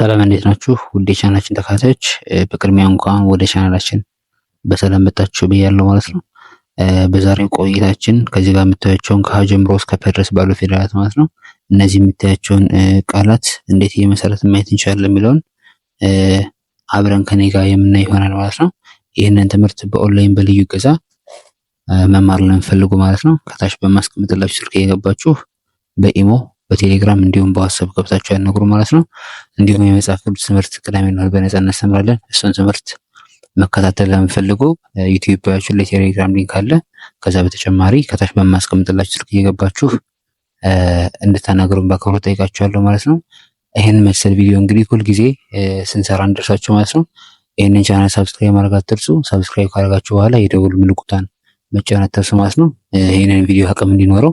ሰላም እንዴት ናችሁ? ውድ የቻናላችን ተከታታዮች በቅድሚያ እንኳን ወደ ቻናላችን በሰላም መጣችሁ ብያለሁ ማለት ነው። በዛሬው ቆይታችን ከዚህ ጋር የምታያቸውን ከሀ ጀምሮ እስከ ፐ ድረስ ባሉ ፊደላት ማለት ነው እነዚህ የምታያቸውን ቃላት እንዴት እየመሰረት ማየት እንችላለን የሚለውን አብረን ከኔ ጋር የምናይ ይሆናል ማለት ነው። ይህንን ትምህርት በኦንላይን በልዩ ገዛ መማር ለምፈልጉ ማለት ነው ከታች በማስቀምጥላችሁ ስልክ እየገባችሁ በኢሞ በቴሌግራም እንዲሁም በዋትሳፕ ገብታችሁ ያነግሩ ማለት ነው። እንዲሁም የመጽሐፍ ቅዱስ ትምህርት ቅዳሜና እሁድ በነጻ እናስተምራለን። እሱን ትምህርት መከታተል ለምፈልጉ ዩቲዩባችን ላይ ቴሌግራም ሊንክ አለ። ከዛ በተጨማሪ ከታች በማስቀምጥላችሁ ስልክ እየገባችሁ እንድታናገሩን በአክብሮት ጠይቃችኋለሁ ማለት ነው። ይህን መሰል ቪዲዮ እንግዲህ ሁልጊዜ ስንሰራ እንደርሳችሁ ማለት ነው። ይህንን ቻናል ሳብስክራይብ ማድረግ አትርሱ። ሳብስክራይብ ካደረጋችሁ በኋላ የደውል ምልክቷን መጫን አትርሱ ማለት ነው። ይህንን ቪዲዮ አቅም እንዲኖረው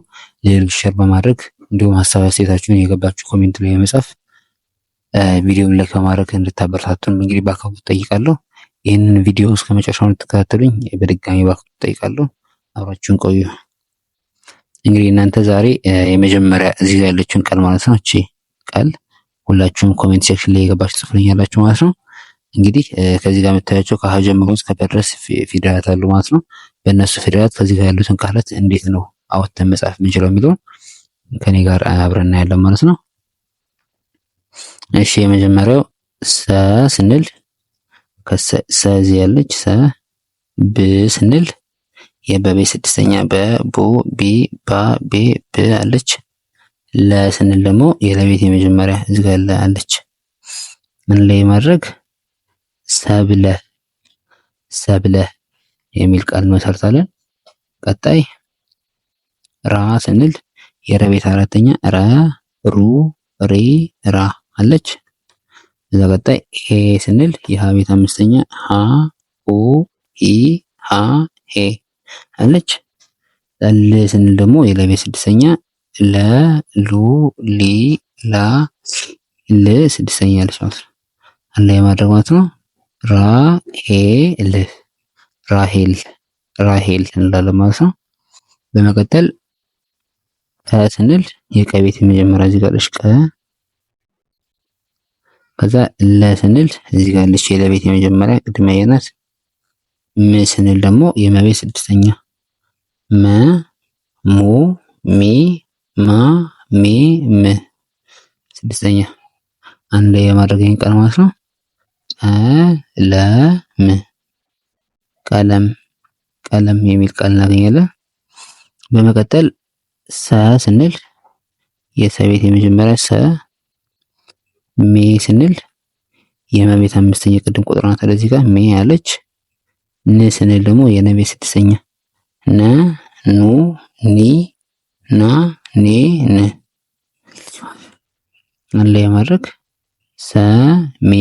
ሌሎች ሸር በማድረግ እንዲሁም ሀሳብ አስተያየታችሁን የገባችሁ ኮሜንት ላይ በመጻፍ ቪዲዮውን ላይክ በማድረግ እንድታበረታቱን እንግዲህ በአክብሮት ጠይቃለሁ። ይህንን ቪዲዮ እስከ መጨረሻው እንድትከታተሉኝ በድጋሚ በአክብሮት ጠይቃለሁ። አብራችሁን ቆዩ። እንግዲህ እናንተ ዛሬ የመጀመሪያ እዚህ ጋር ያለችውን ቃል ማለት ነው እቺ ቃል ሁላችሁም ኮሜንት ሴክሽን ላይ የገባችሁ ያላችሁ ማለት ነው። እንግዲህ ከዚህ ጋር የምታያቸው ከሀ ጀምሮ እስከ ፐ ድረስ ፊደላት አሉ ማለት ነው። በእነሱ ፊደላት ከዚህ ጋር ያሉትን ቃላት እንዴት ነው አወጥተን መጻፍ የምንችለው የሚለውን ከኔ ጋር አብረና ያለው ማለት ነው። እሺ የመጀመሪያው ሰ ስንል ከሰ እዚህ ያለች ሰ ብ ስንል የበቤ ስድስተኛ በቡ ቢ ባ ቤ ብ አለች። ለ ስንል ደግሞ የለቤት የመጀመሪያ እዚህ ጋር ለ አለች። ምን ላይ ማድረግ ሰብለ ሰብለ የሚል ቃል እንመሰርታለን። ቀጣይ ራ ስንል የረቤት አራተኛ ረ ሩ ሬ ራ አለች። እዛ ቀጣይ ሄ ስንል የሀ ቤት አምስተኛ ሀ ሁ ኢ ሀ ሄ አለች። ለ ስንል ደግሞ የለቤት ስድስተኛ ለ ሉ ሊ ላ ል ስድስተኛ አለች ማለት ነው። አንድ ላይ ማድረግ ማለት ነው። ራ ሄ ል ራሄል ራሄል እንላለን ማለት ነው። በመቀጠል ስንል የቀ ቤት የመጀመሪያ እዚህ ጋር ቀ ከዛ ለ ስንል እዚህ ጋር ልሽ የለቤት የመጀመሪያ ቅድመ የናት ም ስንል ደግሞ የመቤት ስድስተኛ መ ሙ ሚ ማ ሚ ም ስድስተኛ አንድ ላይ የማድረገኝ ቃል ማለት ነው። ቀለም ቀለም ቀለም የሚል ቃል እናገኛለን። በመቀጠል ሰ ስንል የሰቤት የመጀመሪያ ሰ፣ ሜ ስንል የመቤት አምስተኛ ቅድም ቁጥር ናት። ስለዚህ ጋር ሜ ያለች። ን ስንል ደግሞ የነቤት ቤት ስድስተኛ ነ፣ ኑ፣ ኒ፣ ና፣ ኔ፣ ን አንድ ላይ ማድረግ ሜ፣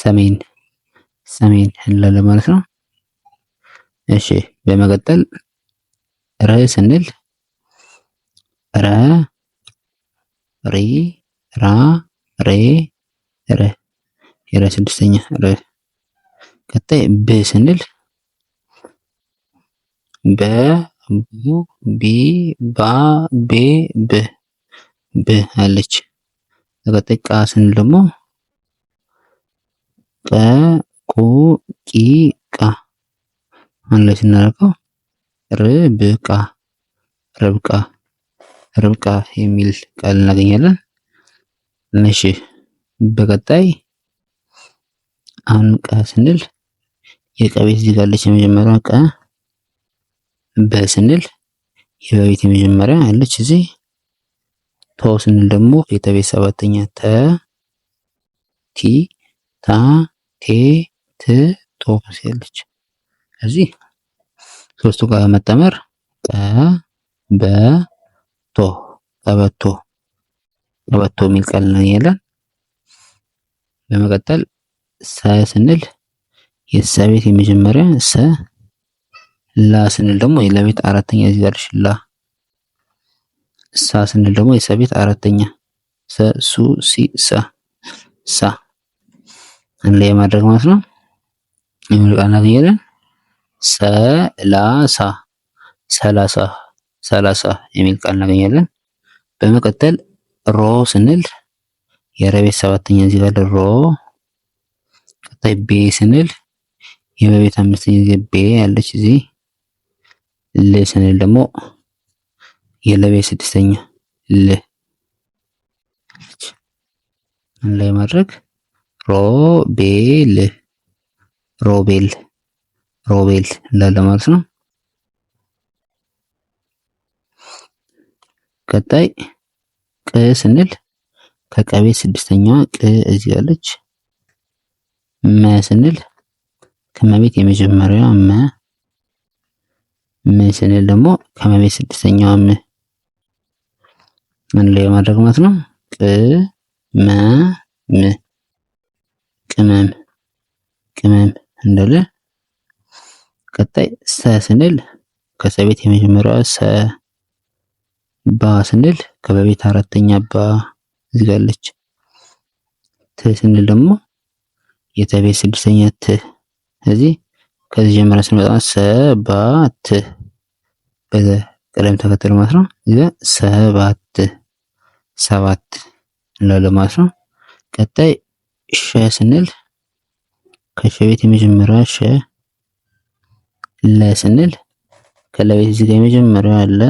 ሰሜን ሰሜን እንላለን ማለት ነው። እሺ በመቀጠል ረ ስንል ረ ሪ ራ ሬ ረ የረ ስድስተኛ ረ። ቀጣይ ብ ስንል በ ቡ ቢ ባ ቤ ብ ብ አለች። ቀጣይ ቃ ስንል ደግሞ ቀ ቁ ቂ ቃ አንድ ላይ ስናደርገው ርብቃ ርብቃ ርብቃ የሚል ቃል እናገኛለን። እሺ በቀጣይ አሁን ቀ ስንል የቀቤት ዚጋለች የመጀመሪያ ቀ በ ስንል የበ የመጀመሪያ አለች እዚህ። ቶ ስንል ደግሞ የተ ሰባተኛ ተ ቲ ታ ቴ ት ቶ ያለች እዚህ ሶስቱ ጋር በመጠመር ጠ በ ቶ ቀበቶ ቀበቶ የሚል ቃል ነው በመቀጠል ሰ ስንል የሰ ቤት የመጀመሪያ ሰ ላ ስንል ደግሞ የለቤት አራተኛ እዚህ ጋር ላ ሳ ስንል ደግሞ የሰ ቤት አራተኛ ሰ ሱ ሲ ሳ ሳ አንድ ላይ ማድረግ ማለት ነው የሚል ቃል እናገኛለን። ሰላሳ ሰላሳ ሰላሳ የሚል ቃል እናገኛለን። በመቀጠል ሮ ስንል የረቤት ሰባተኛ እዚህ ጋር ሮ፣ ቀጣይ ቤ ስንል የመቤት አምስተኛ እዚህ ቤ ያለች እዚህ፣ ል ስንል ደግሞ የለቤት ስድስተኛ ል ላይ ማድረግ ሮ ሮቤል ሮቤል ሮቤል እንዳለ ማለት ነው። ቀጣይ ቅ ስንል ከቀቤት ስድስተኛዋ ቅ እዚህ ያለች፣ መ ስንል ከመቤት የመጀመሪያዋ መ፣ ም ስንል ደግሞ ከመቤት ስድስተኛዋ ም ምን ላይ ማድረግ ማለት ነው። ቅ መ ም ቅመም ቅመም እንዳለ ቀጣይ ሰ ስንል ከሰቤት የመጀመሪያዋ ሰ ባ ስንል ከበቤት አራተኛ ባ ዝጋለች። ት ስንል ደግሞ የተቤት ስድስተኛ ት። ስለዚህ ከዚህ ጀምረን ስንመጣ ሰ ባ ት በዘ ቀለም ተከተል ማለት ነው። እዚህ ሰባት ሰባት እንላለን ማለት ነው። ቀጣይ ሸ ስንል ከሸቤት የመጀመሪያዋ ሸ ለ ስንል ከለቤት እዚህ ጋር የመጀመሪያው አለ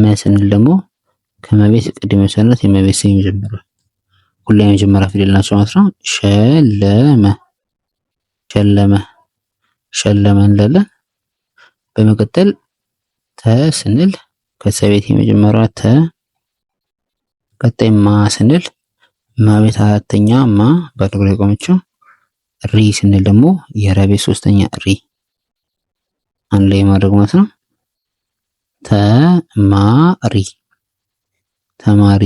መ ስንል ደግሞ ከመቤት ቅድመ ሰነት የመቤት ስም የመጀመሪያ ሁላ የመጀመሪያ ፊደል ናቸው ማለት ነው። ሸለመ ሸለመ ሸለመ እንላለን። በመቀጠል ተ ስንል ከሰቤት የመጀመሪያ ተ ቀጣይ ማ ስንል ማቤት አራተኛ ማ ባለጉዳይ ቆመችው ሪ ስንል ደግሞ የረቤት ሶስተኛ ሪ አንድ ላይ ማድረግ ማለት ነው። ተማሪ ተማሪ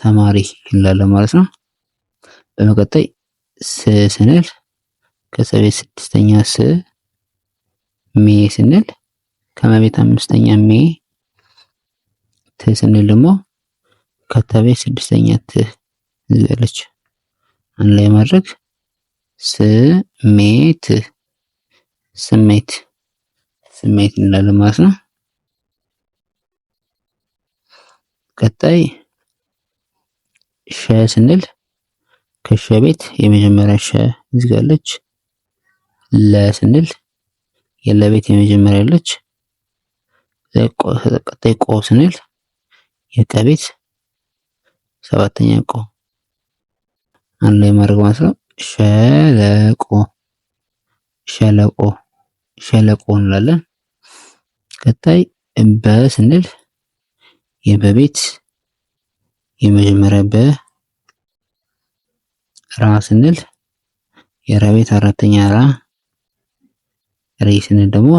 ተማሪ እንላለን ማለት ነው። በመቀጠይ ስ ስንል ከሰቤት ስድስተኛ ስ ሜ ስንል ከመቤት አምስተኛ ሜ ት ስንል ደግሞ ከተቤት ስድስተኛ ት ዘለች አንድ ላይ ማድረግ ስሜት ስሜት ስሜት እንላለን ማለት ነው። ቀጣይ ሸ ስንል ከሸ ቤት የመጀመሪያ ሸ እዚህ ለ ስንል የለ ቤት የመጀመሪያ አለች። ቀጣይ ቆ ስንል የቀ ቤት ሰባተኛ ቆ አንድ ላይ ማድረግ ማለት ነው። ሸለቆ ሸለቆ ሸለቆ እንላለን። ቀጣይ በ ስንል የበቤት የመጀመሪያ በ ራ ስንል የራቤት አራተኛ ራ ሬ ስንል ደግሞ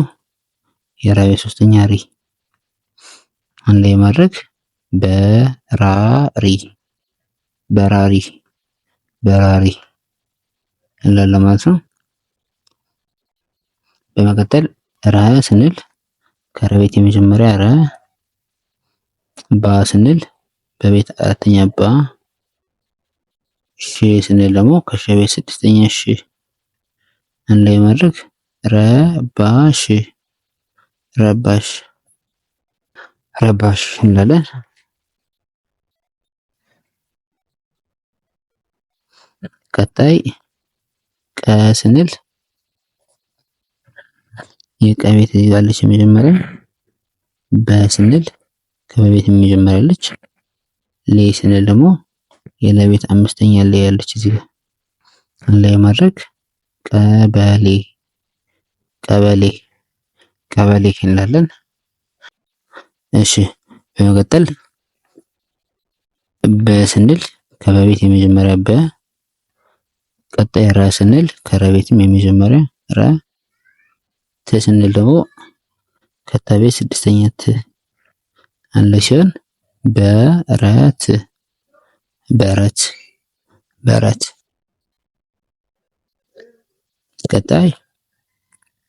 የራቤት ሶስተኛ ሪ አንድ ላይ ማድረግ በራሪ በራሪ በራሪ እንላለን ማለት ነው። በመቀጠል ረ ስንል ከረቤት የመጀመሪያ ረ፣ ባ ስንል በቤት አራተኛ ባ፣ ሺ ስንል ደግሞ ከሸ ቤት ስድስተኛ ሺ አንድ ላይ ማድረግ ረባሽ ረባሽ ረባሽ እንላለን። ቀጣይ ቀ ስንል የቀቤት ቤት አለች የመጀመሪያ በ ስንል ከበቤት የመጀመሪያ አለች። ሌ ስንል ደግሞ የለቤት አምስተኛ ላይ ያለች እዚህ ጋር ላይ ማድረግ ቀበሌ ቀበሌ ቀበሌ እንላለን። እሺ በመቀጠል በስንል ከበቤት የመጀመሪያ በ ቀጣይ ራ ስንል ከረቤትም የመጀመሪያ ራ ተ ስንል ደግሞ ከታቤት ስድስተኛ ት አለች ሲሆን በረት በረት በረት። ቀጣይ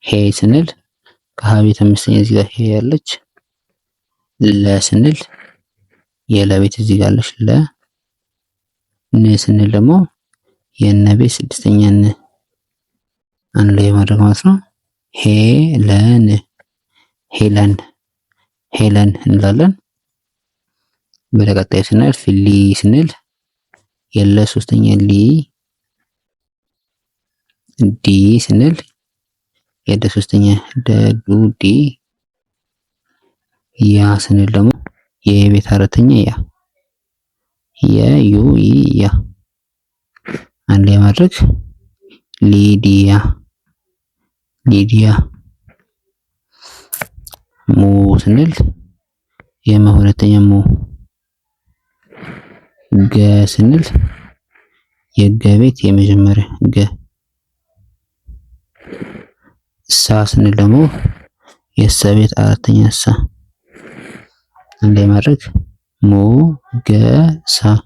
ሄ ስንል ከሀቤት አምስተኛ እዚህ ጋር ሄ ያለች። ለ ስንል የለቤት እዚህ ጋር አለች ለ። ን ስንል ደግሞ የነቤት ስድስተኛ ን አንድ ላይ ማድረግ ማለት ነው። ሄለን ሄለን ሄለን እንላለን። ወደ ቀጣይ ስናልፍ ሊ ስንል የለ ሶስተኛ ሊ፣ ዲ ስንል የደ ሶስተኛ ደዱ ዲ፣ ያ ስንል ደግሞ የቤት አራተኛ ያ የዩ ያ አንድ ላይ ማድረግ ሊዲያ ሊዲያ ሙ ስንል የመ ሁለተኛ ሙ ገ ስንል የገ ቤት የመጀመሪያ ገ ሳ ስንል ደግሞ የሳ ቤት አራተኛ ሳ አንድ ላይ ሙ ገ ሳ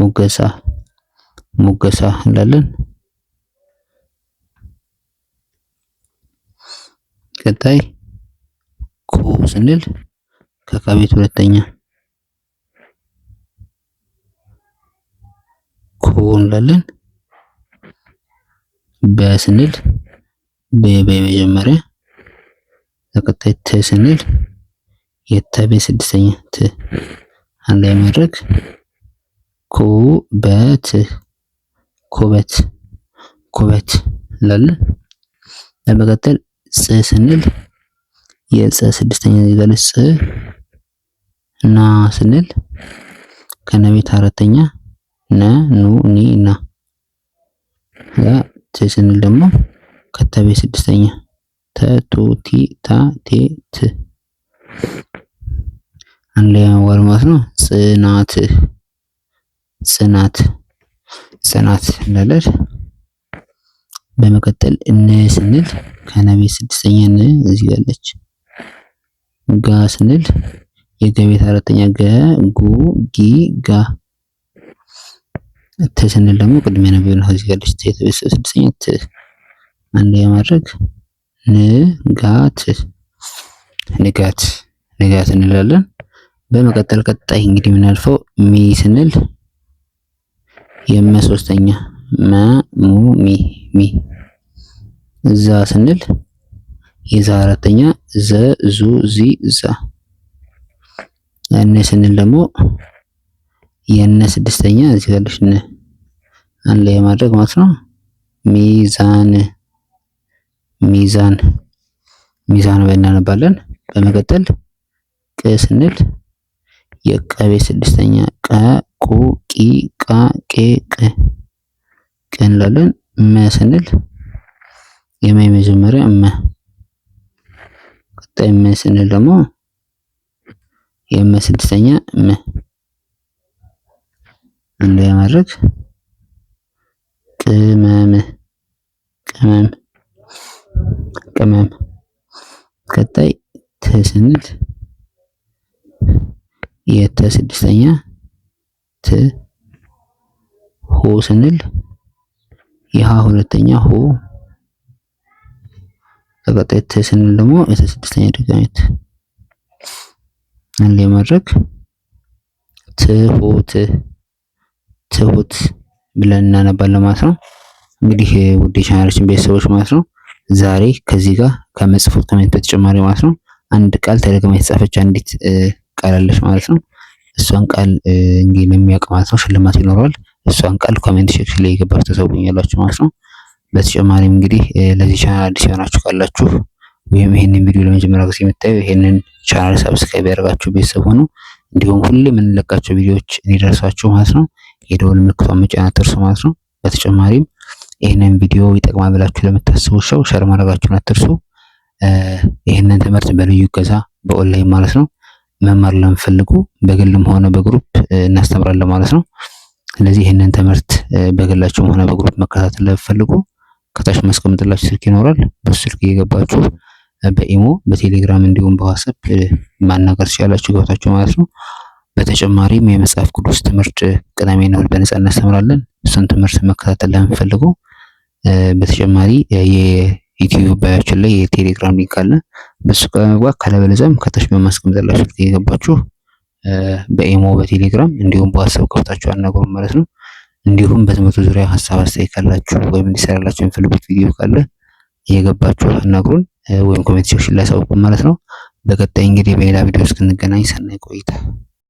ሙገሳ ሙገሳ እንላለን። ቀጣይ ኩ ስንል ከካቤት ሁለተኛ ኩ እንላለን። በስንል በ መጀመሪያ ተቀጣይ ተ ስንል የተቤ ስድስተኛ ት አንድ ላይ ማድረግ በት ኩበት ኩበት እንላለን። ለመቀጠል ጽ ስንል የጸ ስድስተኛ ፊደል ጽ ና ስንል ከነቤት አራተኛ ነ ኑ ኒ ና ት ስንል ደግሞ ከተቤት ስድስተኛ ተ ቱ ቲ ታ ቴ ት አንድ ላይ መዋል ማለት ነው። ጽናት ጽናት ጽናት እንላለን። በመቀጠል እነ ስንል ከነ ስድስተኛ ነ እዚህ ያለች ጋ ስንል የገቤት አራተኛ ገ ጉ ጊ ጋ ተ ስንል ደግሞ ቅድሚያ ነበር ነው እዚህ ያለች ተ ስድስተኛ ት አንድ የማድረግ ንጋት ንጋት ንጋት እንላለን። በመቀጠል ቀጣይ እንግዲህ የምናልፈው ሚ ስንል የመ ሶስተኛ መ ሙ ሚ ሚ እዛ ስንል የዛ አራተኛ ዘ ዙ ዚ ዛ እነ ስንል ደግሞ የነ ስድስተኛ እዚህ ጋር ነ አንድ ላይ ማድረግ ማለት ነው። ሚዛን ሚዛን ሚዛን እናነባለን። በመቀጠል ቅ ስንል የቀቤ ስድስተኛ ቀ ቁ ቂ ቃ ቄ ቅ ቅ እንላለን። መ ስንል የመ የመጀመሪያ መ፣ ቀጣይ መ ስንል ደግሞ የመ ስድስተኛ እመ እንደ ማድረግ ቅመም ቅመም ቅመም። ቀጣይ ት ስንል የተ ስድስተኛ ት ሆ ስንል የሀ ሁለተኛ ሁ በቀጣይ ት ስንል ደግሞ የተስድስተኛ ድርጋሚት አንድ ላይ ትሁት ትሁት ብለን እናነባለን ማለት ነው። እንግዲህ ውድ የቻናላችን ቤተሰቦች ማለት ነው ዛሬ ከዚህ ጋር ከመጽፉት ኮሜንት በተጨማሪ ማለት ነው አንድ ቃል ተደግማ የተጻፈች አንዲት ቃል አለች ማለት ነው። እሷን ቃል እንግዲህ ለሚያውቅ ማለት ነው ሽልማት ይኖረዋል። እሷን ቃል ኮሜንት ሴክሽን ላይ የገባችሁ ተሰውኛላችሁ ማለት ነው። በተጨማሪም እንግዲህ ለዚህ ቻናል አዲስ የሆናችሁ ካላችሁ ወይም ይህንን ቪዲዮ ለመጀመሪያ ጊዜ የምታዩ ይህንን ቻናል ሰብስክራይብ ያደርጋችሁ ቤተሰብ ሆኑ። እንዲሁም ሁሌ የምንለቃቸው ቪዲዮዎች እንዲደርሳችሁ ማለት ነው የደወል ምልክቷን መጫን አትርሱ ማለት ነው። በተጨማሪም ይህንን ቪዲዮ ይጠቅማል ብላችሁ ለምታስቡ ሰው ሸር ማድረጋችሁን አትርሱ። ይህንን ትምህርት በልዩ እገዛ በኦንላይን ማለት ነው መማር ለምፈልጉ በግልም ሆነ በግሩፕ እናስተምራለን ማለት ነው። ስለዚህ ይህንን ትምህርት በግላችሁም ሆነ በግሩፕ መከታተል ለምትፈልጉ ከታች ማስቀምጥላችሁ ስልክ ይኖራል። በሱ ስልክ እየገባችሁ በኢሞ በቴሌግራም እንዲሁም በዋትስአፕ ማናገር ትችላላችሁ፣ ገብታችሁ ማለት ነው። በተጨማሪም የመጽሐፍ ቅዱስ ትምህርት ቅዳሜ ነው በነጻ እናስተምራለን። እሱን ትምህርት መከታተል ለምትፈልጉ በተጨማሪ የዩቲዩብ ባያችን ላይ የቴሌግራም ሊንክ አለ። በሱ ከመግባት ካለበለዚያም ከታች በማስቀምጥላችሁ ስልክ እየገባችሁ በኢሞ በቴሌግራም እንዲሁም በዋትሳፕ ከፍታችሁ አናግሩን ማለት ነው። እንዲሁም በትምህርቱ ዙሪያ ሀሳብ አስተያየት ካላችሁ ወይም እንዲሰራላችሁ የሚፈልጉት ቪዲዮ ካለ እየገባችሁ አናግሩን ወይም ኮሜንት ሴክሽን ላይ አሳውቁን ማለት ነው። በቀጣይ እንግዲህ በሌላ ቪዲዮ እስክንገናኝ ሰናይ ቆይታ